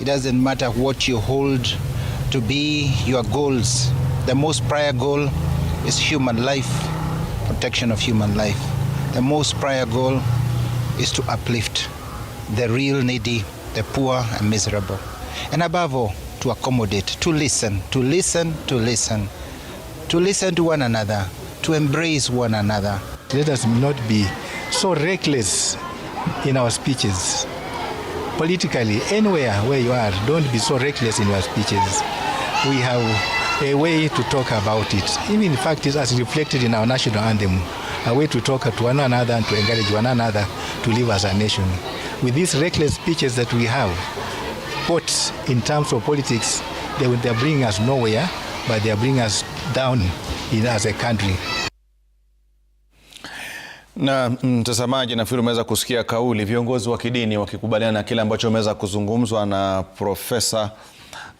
It doesn't matter what you hold to be your goals. The most prior goal is human life, protection of human life. The most prior goal is to uplift the real needy, the poor and miserable. And above all, to accommodate, to listen, to listen, to listen, to listen to one another, to embrace one another. Let us not be so reckless in our speeches. Politically, anywhere where you are, don't be so reckless in your speeches. We have a way to talk about it. Even in fact, it's as reflected in our national anthem, a way to talk to one another and to encourage one another to live as a nation. With these reckless speeches that we have, support in terms of politics, they will bring us nowhere, but they bring us down in as a country. Na mtazamaji, nafikiri umeweza kusikia kauli viongozi wa kidini wakikubaliana na kile ambacho umeweza kuzungumzwa na Profesa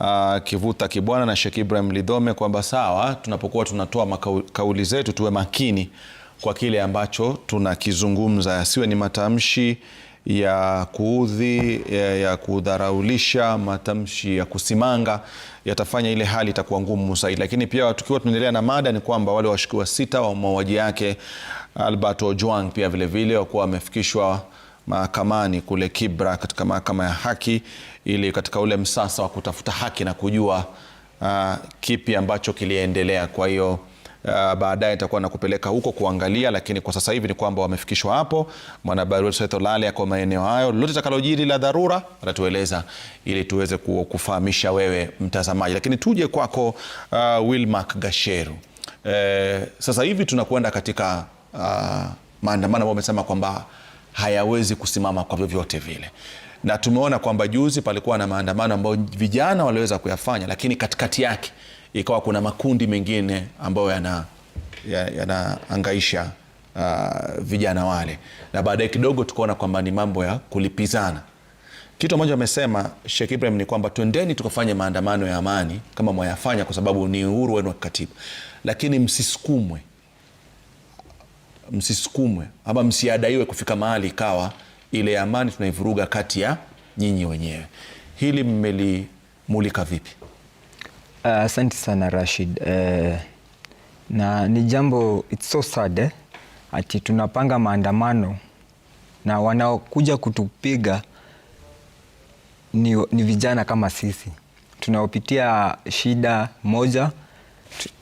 Uh, Kivuta Kibwana na Sheikh Ibrahim Lidhome kwamba sawa, tunapokuwa tunatoa kauli zetu tuwe makini kwa kile ambacho tunakizungumza, siwe ni matamshi ya kuudhi ya, ya kudharaulisha, matamshi ya kusimanga yatafanya ile hali itakuwa ngumu zaidi. Lakini pia tukiwa tunaendelea na mada, ni kwamba wale washukiwa sita wa mauaji yake Albert Ojwang pia vilevile wakuwa wamefikishwa mahakamani kule Kibra katika mahakama ya haki, ili katika ule msasa wa kutafuta haki na kujua uh, kipi ambacho kiliendelea. Kwa hiyo uh, baadaye nitakuwa nakupeleka huko kuangalia, lakini kwa sasa hivi ni kwamba wamefikishwa hapo. Mwanahabari wetu Setho Lale ako maeneo hayo, lolote takalojiri la dharura atatueleza ili tuweze kufahamisha wewe mtazamaji. Lakini tuje kwako uh, Wilmark Gasheru. Eh, uh, sasa hivi tunakwenda katika uh, maandamano ambayo wamesema kwamba hayawezi kusimama kwa vyovyote vile, na tumeona kwamba juzi palikuwa na maandamano ambayo vijana waliweza kuyafanya, lakini katikati yake ikawa kuna makundi mengine ambayo yanaangaisha ya, ya uh, ah, vijana wale, na baadaye kidogo tukaona kwamba ni mambo ya kulipizana. Kitu ambacho amesema Sheikh Ibrahim ni kwamba twendeni tukafanye maandamano ya amani kama mwayafanya, kwa sababu ni uhuru wenu wa kikatiba, lakini msisukumwe, msisukumwe ama msiadaiwe kufika mahali ikawa ile amani tunaivuruga kati ya nyinyi wenyewe. Hili mmelimulika vipi? Eh, asante uh, sana Rashid uh, na ni jambo it's so sad eh, ati tunapanga maandamano na wanaokuja kutupiga ni, ni vijana kama sisi tunaopitia shida moja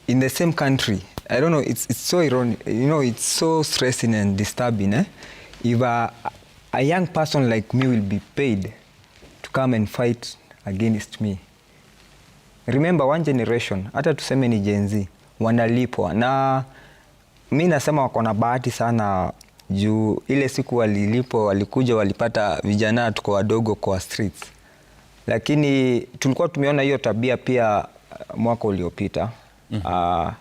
in the same country. I don't know, it's, it's so ironic, you know, it's so stressing and disturbing eh? If a, a young person like me will be paid to come and fight against me remember one generation, hata tuseme ni Gen Z wanalipwa, na mi nasema wako na bahati sana juu ile siku walilipwa walikuja walipata vijana tuko wadogo kwa streets, lakini tulikuwa tumeona hiyo tabia pia uh, mwaka uliopita mm -hmm.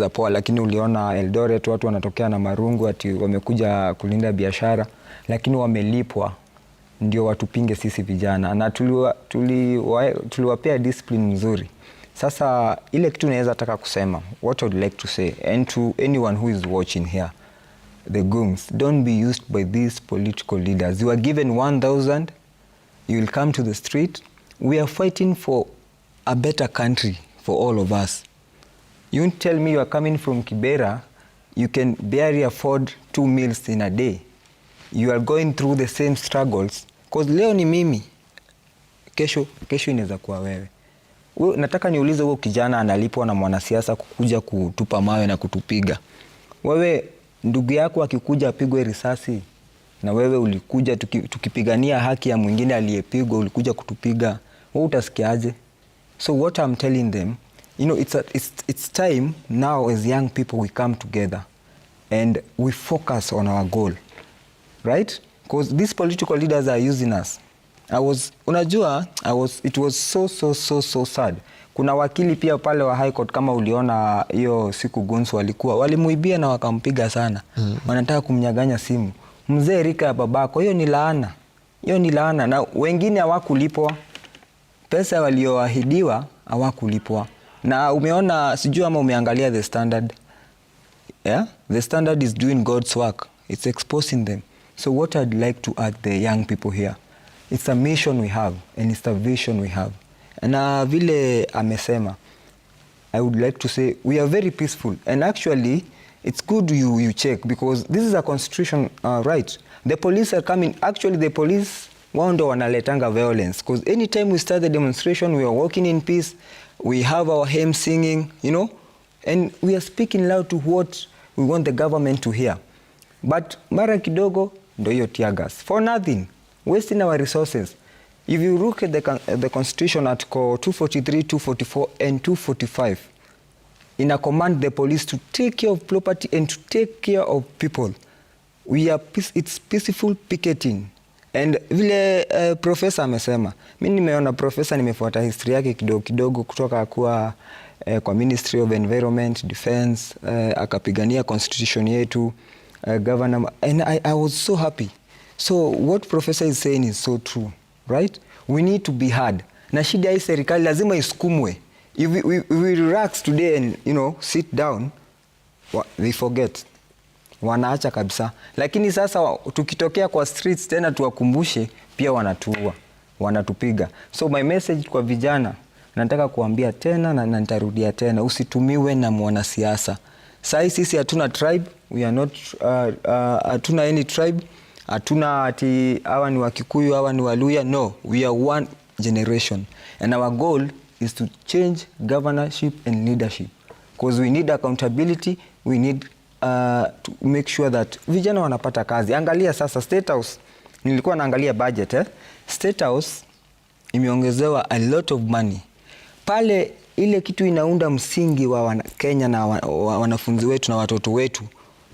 uh, poa, lakini uliona Eldoret watu wanatokea na marungu ati wamekuja kulinda biashara, lakini wamelipwa ndio watupinge sisi vijana, na tuliwapea tuliwa, tuliwa discipline mzuri. Sasa ile kitu naweza taka kusema, what I would like to say and to anyone who is watching here the goons don't be used by these political leaders. You are given 1000 you will come to the street. We are fighting for a better country for all of us. You tell me you are coming from Kibera, you can barely afford two meals in a day you are going through the same struggles cause leo ni mimi, kesho kesho inaweza kuwa wewe. We, nataka niulize huo kijana analipwa na mwanasiasa kukuja kutupa mawe na kutupiga wewe. Ndugu yako akikuja apigwe risasi na wewe ulikuja tuki, tukipigania haki ya mwingine aliyepigwa, ulikuja kutupiga wewe, utasikiaje? So what I'm telling them you know, it's, a, it's, it's time now as young people we come together and we focus on our goal right? Because these political leaders are using us. I was, unajua, I was, it was so, so, so, so sad. Kuna wakili pia pale wa High Court kama uliona hiyo siku Guns walikuwa walimuibia na wakampiga sana mm -hmm. Wanataka kumnyaganya simu mzee rika ya babako, hiyo ni laana, hiyo ni laana. Na wengine hawakulipwa pesa walioahidiwa, hawakulipwa na umeona, sijui ama umeangalia The Standard yeah? The Standard is doing God's work, it's exposing them So what I'd like to add the young people here, it's a mission we have and it's a vision we have. Na vile amesema, I would like to say we are very peaceful and actually it's good you, you check because this is a constitution uh, right. The police are coming, actually the police wao ndo wanaletanga violence because anytime we start the demonstration we are walking in peace, we have our hymn singing, you know, and we are speaking loud to what we want the government to hear. But mara kidogo ndio hiyo tear gas for nothing wasting our resources if you look at the, the constitution article 243 244 and 245 ina command the police to take care of property and to take care of people we are it's peaceful picketing and vile uh, eh, profesa amesema mi nimeona profesa nimefuata history yake kidogo kidogo kutoka kuwa uh, kwa Ministry of Environment, Defense uh, akapigania constitution yetu uh, Governor, and I, I was so happy. So what professor is saying is so true, right? We need to be hard. Na shida hii serikali lazima isukumwe. If we, we, relax today and you know sit down, they forget. Wanaacha kabisa. Lakini sasa tukitokea kwa streets tena tuwakumbushe, pia wanatuua, wanatupiga. So my message kwa vijana nataka kuambia tena na nitarudia tena, usitumiwe na mwanasiasa. Sahii sisi hatuna tribe, we are not hatuna uh, uh, any tribe, hatuna ati hawa ni Wakikuyu hawa ni Waluya. No, we are one generation and our goal is to change governorship and leadership because we need accountability, we need uh, to make sure that vijana wanapata kazi. Angalia sasa State House, nilikuwa naangalia budget eh? State House imeongezewa a lot of money pale ile kitu inaunda msingi wa wana Kenya na wa, wa, wanafunzi wetu na watoto wetu.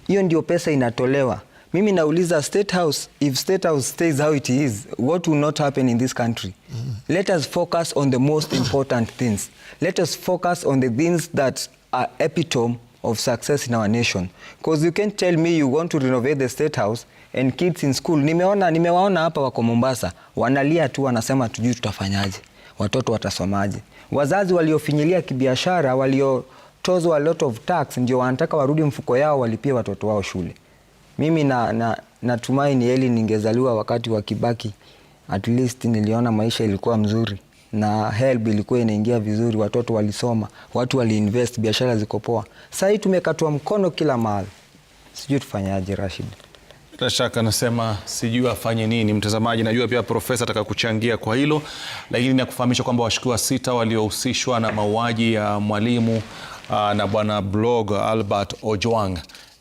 Hiyo ndio pesa inatolewa. Mimi nauliza State House, if State House stays how it is, what will not happen in this country? Mm. Let us focus on the most important things. Let us focus on the things that are epitome of success in our nation. Because you can't tell me you want to renovate the State House and kids in school. Nimeona, nimewaona hapa wako Mombasa, wanalia tu wanasema tujui tutafanyaje. Watoto watasomaje? Wazazi waliofinyilia kibiashara, waliotozwa a lot of tax, ndio wanataka warudi mfuko yao walipie watoto wao shule. Mimi na, na, ni heli ningezaliwa wakati wa Kibaki, at least niliona maisha ilikuwa mzuri na help ilikuwa inaingia vizuri, watoto walisoma, watu waliinvest, biashara ziko poa. Sasa tumekatwa mkono kila mahali, sijui tufanyaje, Rashid bila shaka anasema sijui afanye nini. Mtazamaji, najua pia profesa ataka kuchangia kwa hilo, lakini nakufahamisha kwamba washukiwa sita waliohusishwa na mauaji ya mwalimu ah, na bwana blog Albert Ojwang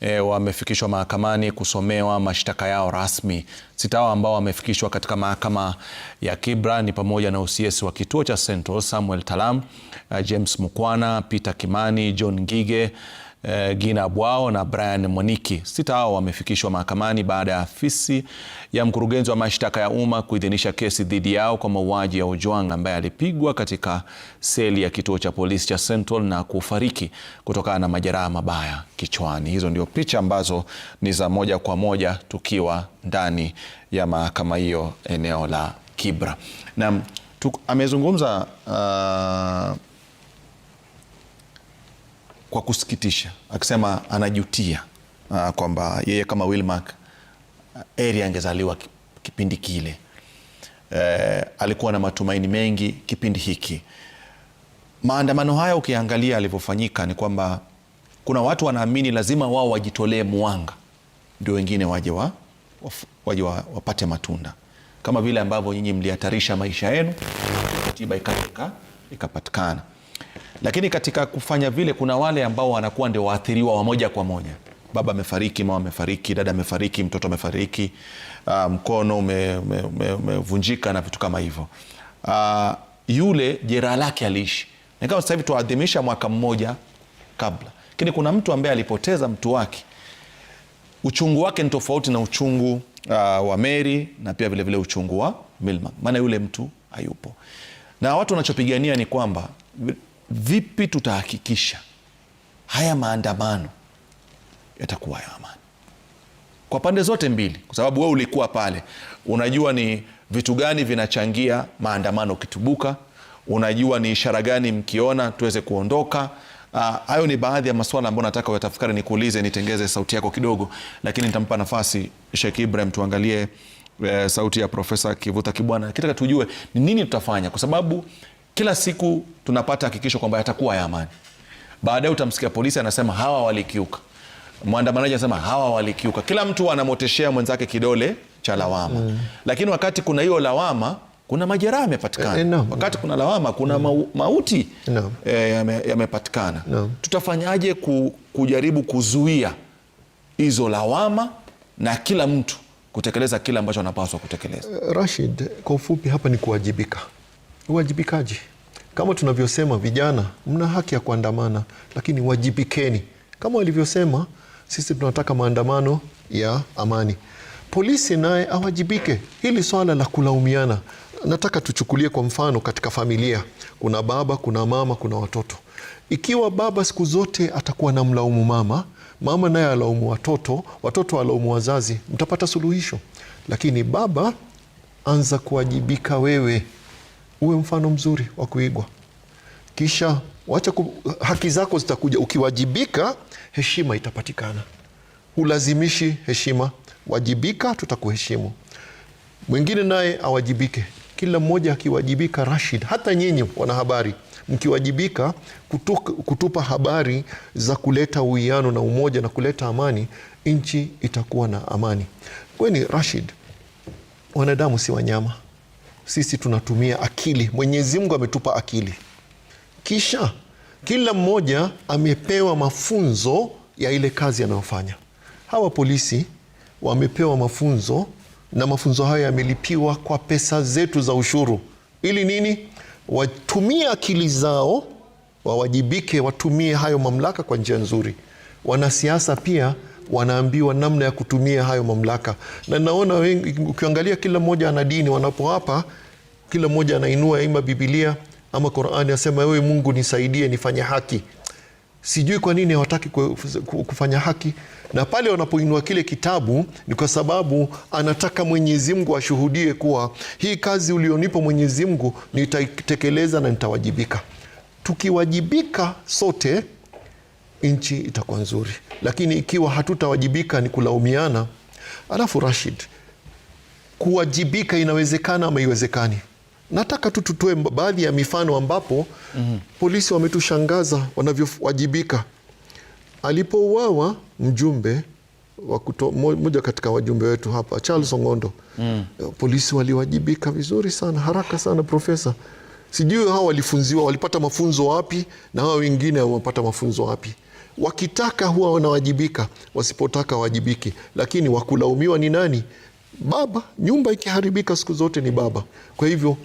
E, wamefikishwa mahakamani kusomewa mashtaka yao rasmi. Sita hao ambao wamefikishwa katika mahakama ya Kibra ni pamoja na OCS wa kituo cha Central Samuel Talam, ah, James Mukwana, Peter Kimani, John Ngige eh, Gina Bwao na Brian Mwaniki. Sita hao wamefikishwa mahakamani baada ya afisi ya mkurugenzi wa mashtaka ya umma kuidhinisha kesi dhidi yao kwa mauaji ya Ojwang ambaye alipigwa katika seli ya kituo cha polisi cha Central na kufariki kutokana na majeraha mabaya kichwani. Hizo ndio picha ambazo ni za moja kwa moja tukiwa ndani ya mahakama hiyo eneo la Kibra. Na amezungumza uh, kwa kusikitisha, akisema anajutia uh, kwamba yeye kama Wilmark uh, ah, eri angezaliwa kipindi kile uh, alikuwa na matumaini mengi kipindi hiki. Maandamano haya ukiangalia alivyofanyika ni kwamba kuna watu wanaamini lazima wao wajitolee mwanga ndio wengine waje wa, waje wa, wapate matunda kama vile ambavyo nyinyi mlihatarisha maisha yenu, tiba ikapatikana. Lakini katika kufanya vile, kuna wale ambao wanakuwa ndio waathiriwa wa moja kwa moja. Baba amefariki, mama amefariki, dada amefariki, mtoto amefariki, uh, mkono umevunjika na vitu kama hivyo. Uh, yule jeraha lake aliishi, nikawa kama sasa hivi tuadhimisha mwaka mmoja kabla, lakini kuna mtu ambaye alipoteza mtu wake, uchungu wake ni tofauti na uchungu uh, wa meri na pia vilevile vile uchungu wa Milma, maana yule mtu hayupo, na watu wanachopigania ni kwamba vipi tutahakikisha haya maandamano yatakuwa ya amani kwa pande zote mbili, kwa sababu wee ulikuwa pale, unajua ni vitu gani vinachangia maandamano kitubuka unajua ni ishara gani mkiona tuweze kuondoka. Ah, hayo ni baadhi ya maswala ambayo nataka uyatafakari. Nikuulize, nitengeze sauti yako kidogo, lakini nitampa nafasi Sheikh Ibrahim, tuangalie e, sauti ya Profesa Kivuta Kibwana, kitaka tujue ni nini tutafanya, kwa sababu kila siku tunapata hakikisho kwamba yatakuwa ya amani. Baadaye utamsikia polisi anasema hawa walikiuka, mwandamanaji anasema hawa walikiuka. Kila mtu anamoteshea mwenzake kidole cha lawama mm. Lakini wakati kuna hiyo lawama kuna majeraha yamepatikana. eh, no, wakati no. kuna lawama kuna mm. mauti no. eh, yamepatikana ya no. Tutafanyaje ku, kujaribu kuzuia hizo lawama na kila mtu kutekeleza kile ambacho anapaswa kutekeleza? Eh, Rashid, kwa ufupi hapa ni kuwajibika uwajibikaji. Kama tunavyosema, vijana mna haki ya kuandamana, lakini wajibikeni. Kama walivyosema, sisi tunataka maandamano ya amani. Polisi naye awajibike. Hili swala la kulaumiana, nataka tuchukulie kwa mfano, katika familia kuna baba, kuna mama, kuna watoto. Ikiwa baba siku zote atakuwa na mlaumu mama, mama naye alaumu watoto, watoto walaumu wazazi, mtapata suluhisho. Lakini baba, anza kuwajibika wewe uwe mfano mzuri wa kuigwa, kisha wacha ku, haki zako zitakuja. Ukiwajibika, heshima itapatikana. Hulazimishi heshima, wajibika, tutakuheshimu. Mwingine naye awajibike. Kila mmoja akiwajibika, Rashid, hata nyinyi wanahabari mkiwajibika kutupa habari za kuleta uwiano na umoja na kuleta amani, nchi itakuwa na amani. kweni Rashid, wanadamu si wanyama sisi tunatumia akili. Mwenyezi Mungu ametupa akili, kisha kila mmoja amepewa mafunzo ya ile kazi anayofanya. Hawa polisi wamepewa mafunzo na mafunzo hayo yamelipiwa kwa pesa zetu za ushuru, ili nini? Watumie akili zao, wawajibike, watumie hayo mamlaka kwa njia nzuri. Wanasiasa pia wanaambiwa namna ya kutumia hayo mamlaka, na naona ukiangalia kila mmoja ana dini, wanapoapa kila mmoja anainua ima Bibilia ama Qurani, asema wewe Mungu nisaidie nifanye haki. Sijui kwa nini hawataki kufanya haki, na pale wanapoinua kile kitabu ni kwa sababu anataka Mwenyezi Mungu ashuhudie kuwa hii kazi ulionipa Mwenyezi Mungu nitaitekeleza na nitawajibika. Tukiwajibika sote nchi itakuwa nzuri, lakini ikiwa hatutawajibika ni kulaumiana. Alafu Rashid, kuwajibika inawezekana ama iwezekani? Nataka tu tutoe baadhi ya mifano ambapo mm -hmm. polisi wametushangaza wanavyowajibika. Alipouawa mjumbe mmoja katika wajumbe wetu hapa Charles Ongondo mm -hmm. polisi waliwajibika vizuri sana, haraka sana. Profesa, sijui hawa walifunziwa, walipata mafunzo wapi, na hawa wengine wamepata mafunzo wapi? wakitaka huwa wanawajibika, wasipotaka wajibiki. Lakini wakulaumiwa ni nani? Baba. Nyumba ikiharibika siku zote ni baba. Kwa hivyo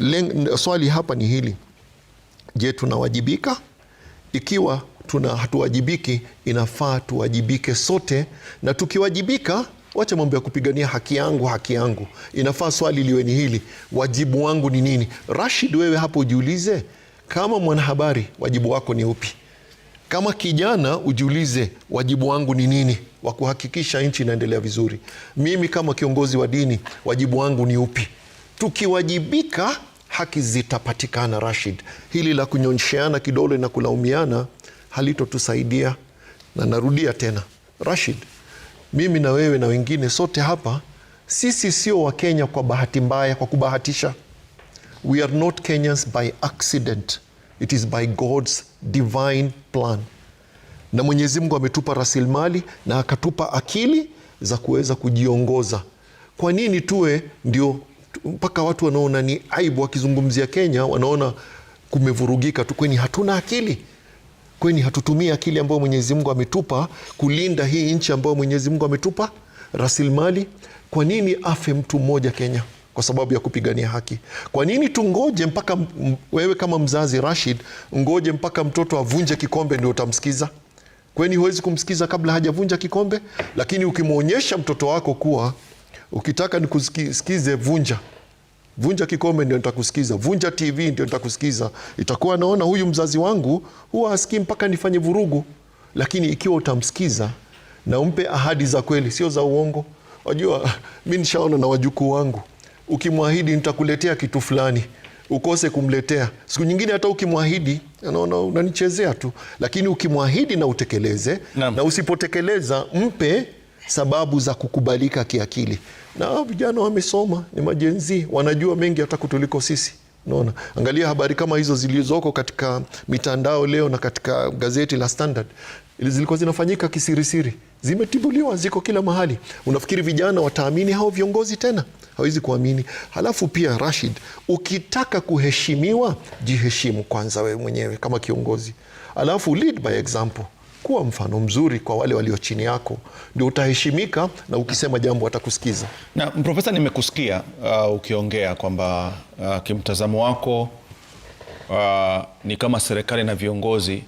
leng, swali hapa ni hili, je, tunawajibika? Ikiwa tuna hatuwajibiki, inafaa tuwajibike sote, na tukiwajibika Wacha mambo ya kupigania haki yangu haki yangu. Inafaa swali liwe ni hili, wajibu wangu ni nini? Rashid, wewe hapo ujiulize, kama mwanahabari wajibu wako ni upi? Kama kijana ujiulize, wajibu wangu ni nini wa kuhakikisha nchi inaendelea vizuri? Mimi kama kiongozi wa dini, wajibu wangu ni upi? Tukiwajibika, haki zitapatikana. Rashid, hili la kunyonsheana kidole na kulaumiana halitotusaidia, na narudia tena, Rashid, mimi na wewe na wengine sote hapa, sisi sio Wakenya kwa bahati mbaya, kwa kubahatisha. We are not Kenyans by accident, it is by God's divine plan, na Mwenyezi Mungu ametupa rasilimali na akatupa akili za kuweza kujiongoza. Kwa nini tuwe ndio mpaka watu wanaona ni aibu wakizungumzia Kenya, wanaona kumevurugika tu? kweni hatuna akili? kweni hatutumii akili ambayo Mwenyezi Mungu ametupa kulinda hii nchi ambayo Mwenyezi Mungu ametupa rasilimali? Kwa nini afe mtu mmoja Kenya? kwa sababu ya kupigania haki. Kwa nini tungoje mpaka wewe kama mzazi Rashid, ngoje mpaka mtoto avunje kikombe ndio utamsikiza? Kwani huwezi kumsikiza kabla hajavunja kikombe? Lakini ukimwonyesha mtoto wako kuwa ukitaka nikusikize, vunja vunja kikombe ndio nitakusikiza, vunja TV ndio nitakusikiza, itakuwa naona huyu mzazi wangu huwa asikii mpaka nifanye vurugu. Lakini ikiwa utamsikiza na umpe ahadi za kweli, sio za uongo. Wajua, mi nishaona na wajukuu wangu ukimwahidi nitakuletea kitu fulani ukose kumletea. Siku nyingine hata ukimwahidi anaona unanichezea tu, lakini ukimwahidi na utekeleze na, na usipotekeleza mpe sababu za kukubalika kiakili. Na vijana wamesoma, ni majenzii, wanajua mengi hata kutuliko sisi. Naona angalia habari kama hizo zilizoko katika mitandao leo na katika gazeti la Standard zilikuwa zinafanyika kisirisiri zimetibuliwa, ziko kila mahali. Unafikiri vijana wataamini hao viongozi tena? Hawezi kuamini. Halafu pia Rashid, ukitaka kuheshimiwa jiheshimu kwanza wewe mwenyewe kama kiongozi, alafu lead by example kuwa mfano mzuri kwa wale walio chini yako, ndio utaheshimika, na ukisema jambo watakusikiza. Na Profesa, nimekusikia uh, ukiongea kwamba uh, kimtazamo wako uh, ni kama serikali na viongozi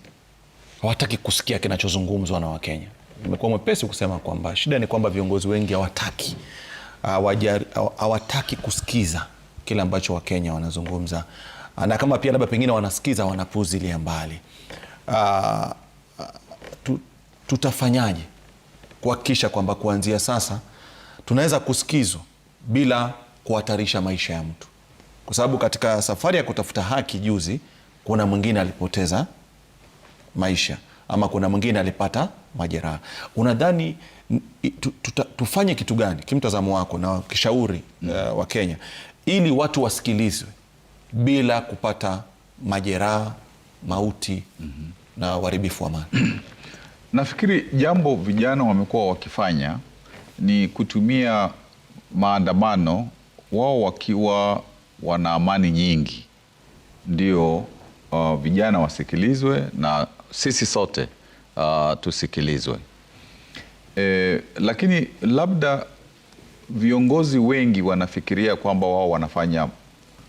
hawataki kusikia kinachozungumzwa na Wakenya. Nimekuwa mwepesi kusema kwamba shida ni kwamba viongozi wengi hawataki ah, hawataki kusikiza kile ambacho Wakenya wanazungumza, ah, na kama pia labda pengine wanasikiza wanapuzilia mbali. Ah, tu, tutafanyaje kuhakikisha kwamba kuanzia sasa tunaweza kusikizwa bila kuhatarisha maisha ya mtu, kwa sababu katika safari ya kutafuta haki juzi, kuna mwingine alipoteza maisha ama kuna mwingine alipata majeraha. Unadhani tufanye kitu gani kimtazamo wako na kishauri mm. uh, wa Kenya ili watu wasikilizwe bila kupata majeraha, mauti mm -hmm. na uharibifu wa mali? Nafikiri jambo vijana wamekuwa wakifanya ni kutumia maandamano, wao wakiwa wana amani nyingi, ndio uh, vijana wasikilizwe na sisi sote uh, tusikilizwe e, lakini labda viongozi wengi wanafikiria kwamba wao wanafanya,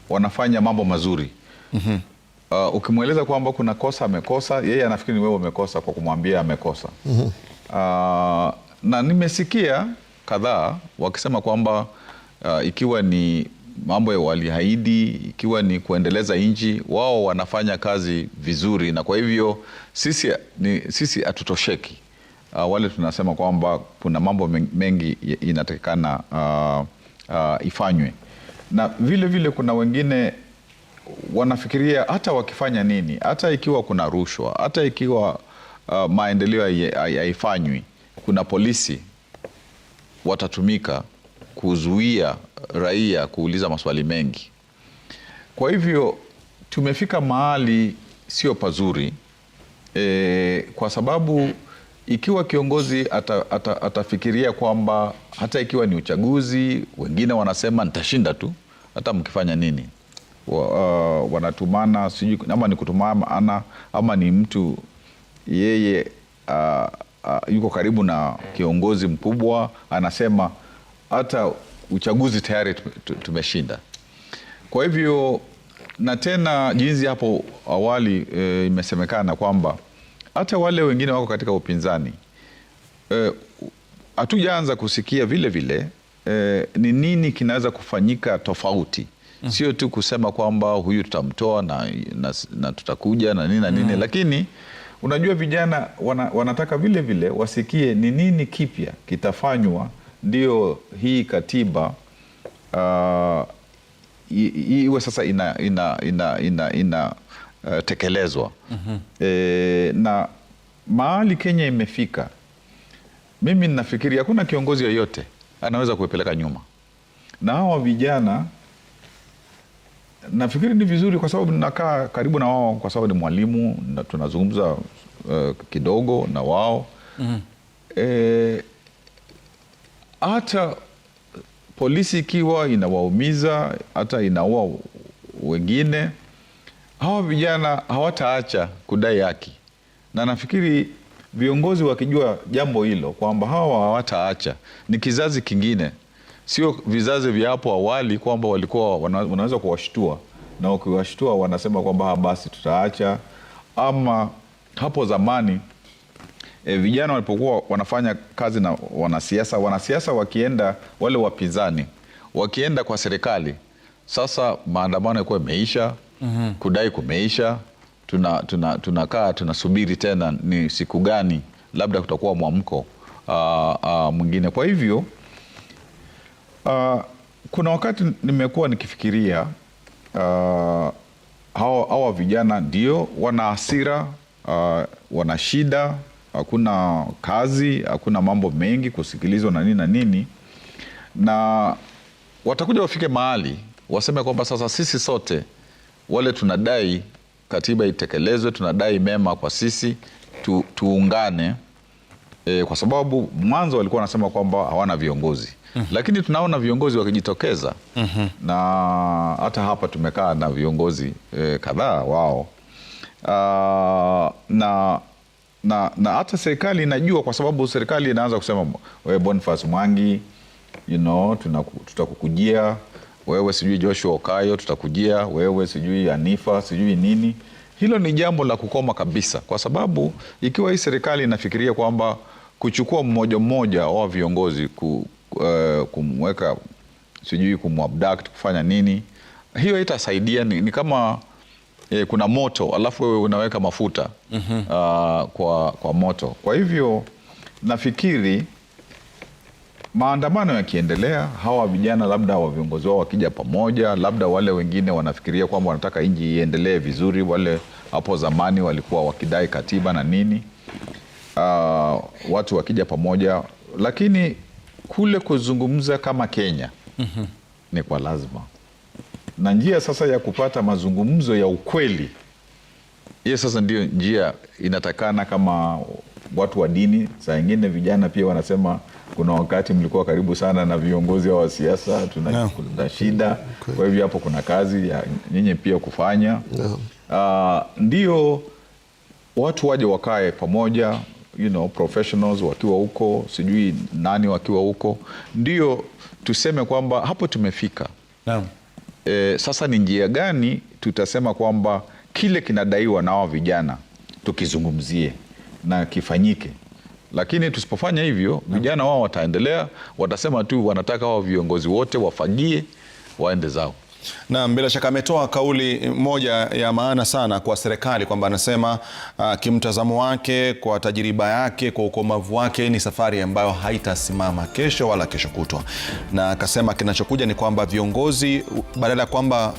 wanafanya mambo mazuri mm -hmm. Uh, ukimweleza kwamba kuna kosa amekosa, yeye anafikiri ni wewe umekosa kwa kumwambia amekosa mm -hmm. Uh, na nimesikia kadhaa wakisema kwamba uh, ikiwa ni mambo ya walihaidi ikiwa ni kuendeleza nchi, wao wanafanya kazi vizuri, na kwa hivyo sisi ni, sisi hatutosheki uh, wale tunasema kwamba kuna mambo mengi inatakikana uh, uh, ifanywe, na vile vile kuna wengine wanafikiria hata wakifanya nini, hata ikiwa kuna rushwa, hata ikiwa uh, maendeleo haifanywi, kuna polisi watatumika kuzuia raia kuuliza maswali mengi. Kwa hivyo tumefika mahali sio pazuri e, kwa sababu ikiwa kiongozi ata, ata, atafikiria kwamba hata ikiwa ni uchaguzi, wengine wanasema nitashinda tu hata mkifanya nini wa, uh, wanatumana sijui ama ni kutumana ama ni mtu yeye uh, uh, yuko karibu na kiongozi mkubwa anasema hata uchaguzi tayari tumeshinda. Kwa hivyo na tena jinsi hapo awali e, imesemekana kwamba hata wale wengine wako katika upinzani e, hatujaanza e, kusikia vile vile e, ni nini kinaweza kufanyika tofauti mm. Sio tu kusema kwamba huyu tutamtoa na, na, na tutakuja na nini na nini mm. Lakini unajua vijana wana, wanataka vile vile wasikie ni nini kipya kitafanywa ndio hii katiba uh, iwe sasa inatekelezwa ina, ina, ina, ina, uh, mm -hmm. E, na mahali Kenya imefika, mimi ninafikiri hakuna kiongozi yoyote anaweza kuipeleka nyuma, na hawa vijana nafikiri ni vizuri, kwa sababu ninakaa karibu na wao, kwa sababu ni mwalimu na tunazungumza uh, kidogo na wao mm -hmm. E, hata polisi ikiwa inawaumiza hata inaua wengine, hawa vijana hawataacha kudai haki, na nafikiri viongozi wakijua jambo hilo kwamba hawa hawataacha, ni kizazi kingine, sio vizazi vya hapo awali kwamba walikuwa wanaweza kuwashtua na wakiwashtua wanasema kwamba ah, basi tutaacha, ama hapo zamani e, vijana walipokuwa wanafanya kazi na wanasiasa, wanasiasa wakienda, wale wapinzani wakienda kwa serikali, sasa maandamano yakuwa imeisha mm -hmm. kudai kumeisha, tunakaa tuna, tuna tunasubiri tena ni siku gani labda kutakuwa mwamko ah, ah, mwingine. Kwa hivyo aa, ah, kuna wakati nimekuwa nikifikiria hawa, hawa vijana ndio wana hasira, wana shida hakuna kazi, hakuna mambo mengi kusikilizwa na nini na nini, na watakuja wafike mahali waseme kwamba sasa sisi sote wale tunadai katiba itekelezwe, tunadai mema kwa sisi tu, tuungane e, kwa sababu mwanzo walikuwa wanasema kwamba hawana viongozi mm -hmm. Lakini tunaona viongozi wakijitokeza mm -hmm. Na hata hapa tumekaa na viongozi e, kadhaa wao, uh, na na na hata serikali inajua, kwa sababu serikali inaanza kusema wewe Boniface Mwangi you know, tutakukujia wewe, sijui Joshua Okayo tutakujia wewe, sijui Anifa sijui nini. Hilo ni jambo la kukoma kabisa, kwa sababu ikiwa hii serikali inafikiria kwamba kuchukua mmoja mmoja wa viongozi ku, uh, kumweka sijui kumwabduct kufanya nini, hiyo itasaidia ni, ni kama e, kuna moto alafu wewe unaweka mafuta mm -hmm. uh, kwa, kwa moto. Kwa hivyo nafikiri maandamano yakiendelea, hawa vijana labda wa viongozi wao wakija pamoja, labda wale wengine wanafikiria kwamba wanataka nchi iendelee vizuri, wale hapo zamani walikuwa wakidai katiba na nini uh, watu wakija pamoja, lakini kule kuzungumza kama Kenya mm -hmm. ni kwa lazima na njia sasa ya kupata mazungumzo ya ukweli, hiyo sasa ndio njia inatakana kama watu wa dini. Saa ingine vijana pia wanasema kuna wakati mlikuwa karibu sana na viongozi wa siasa, tuna no. shida okay. Kwa hivyo hapo kuna kazi ya nyinyi pia kufanya no. Uh, ah, ndio watu waje wakae pamoja you know, professionals wakiwa huko, sijui nani wakiwa huko, ndio tuseme kwamba hapo tumefika no e, sasa ni njia gani tutasema kwamba kile kinadaiwa na hawa vijana tukizungumzie na kifanyike, lakini tusipofanya hivyo vijana wao wataendelea, watasema tu wanataka wao viongozi wote wafagie waende zao. Naam, bila shaka ametoa kauli moja ya maana sana kwa serikali kwamba anasema uh, kimtazamo wake kwa tajiriba yake kwa ukomavu wake ni safari ambayo haitasimama kesho wala kesho kutwa, na akasema kinachokuja ni kwamba viongozi badala ya kwamba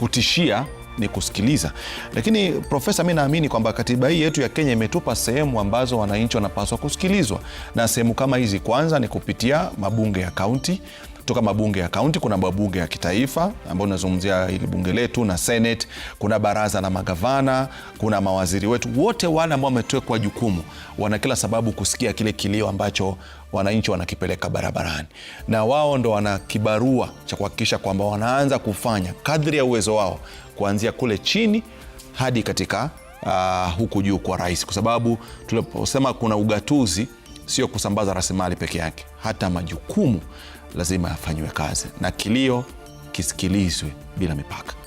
kutishia ni kusikiliza. Lakini Profesa, mi naamini kwamba katiba hii yetu ya Kenya imetupa sehemu ambazo wananchi wanapaswa kusikilizwa, na sehemu kama hizi kwanza ni kupitia mabunge ya kaunti kutoka mabunge ya kaunti, kuna mabunge ya kitaifa ambayo unazungumzia ili bunge letu na Senate, kuna baraza la magavana, kuna mawaziri wetu, wote wale ambao wametwekwa jukumu wana kila sababu kusikia kile kilio ambacho wananchi wanakipeleka barabarani, na wao ndo wana kibarua cha kuhakikisha kwamba wanaanza kufanya kadri ya uwezo wao kuanzia kule chini hadi katika uh, huku juu kwa rais, kwa sababu tuliposema kuna ugatuzi, sio kusambaza rasilimali peke yake, hata majukumu lazima yafanyiwe kazi na kilio kisikilizwe bila mipaka.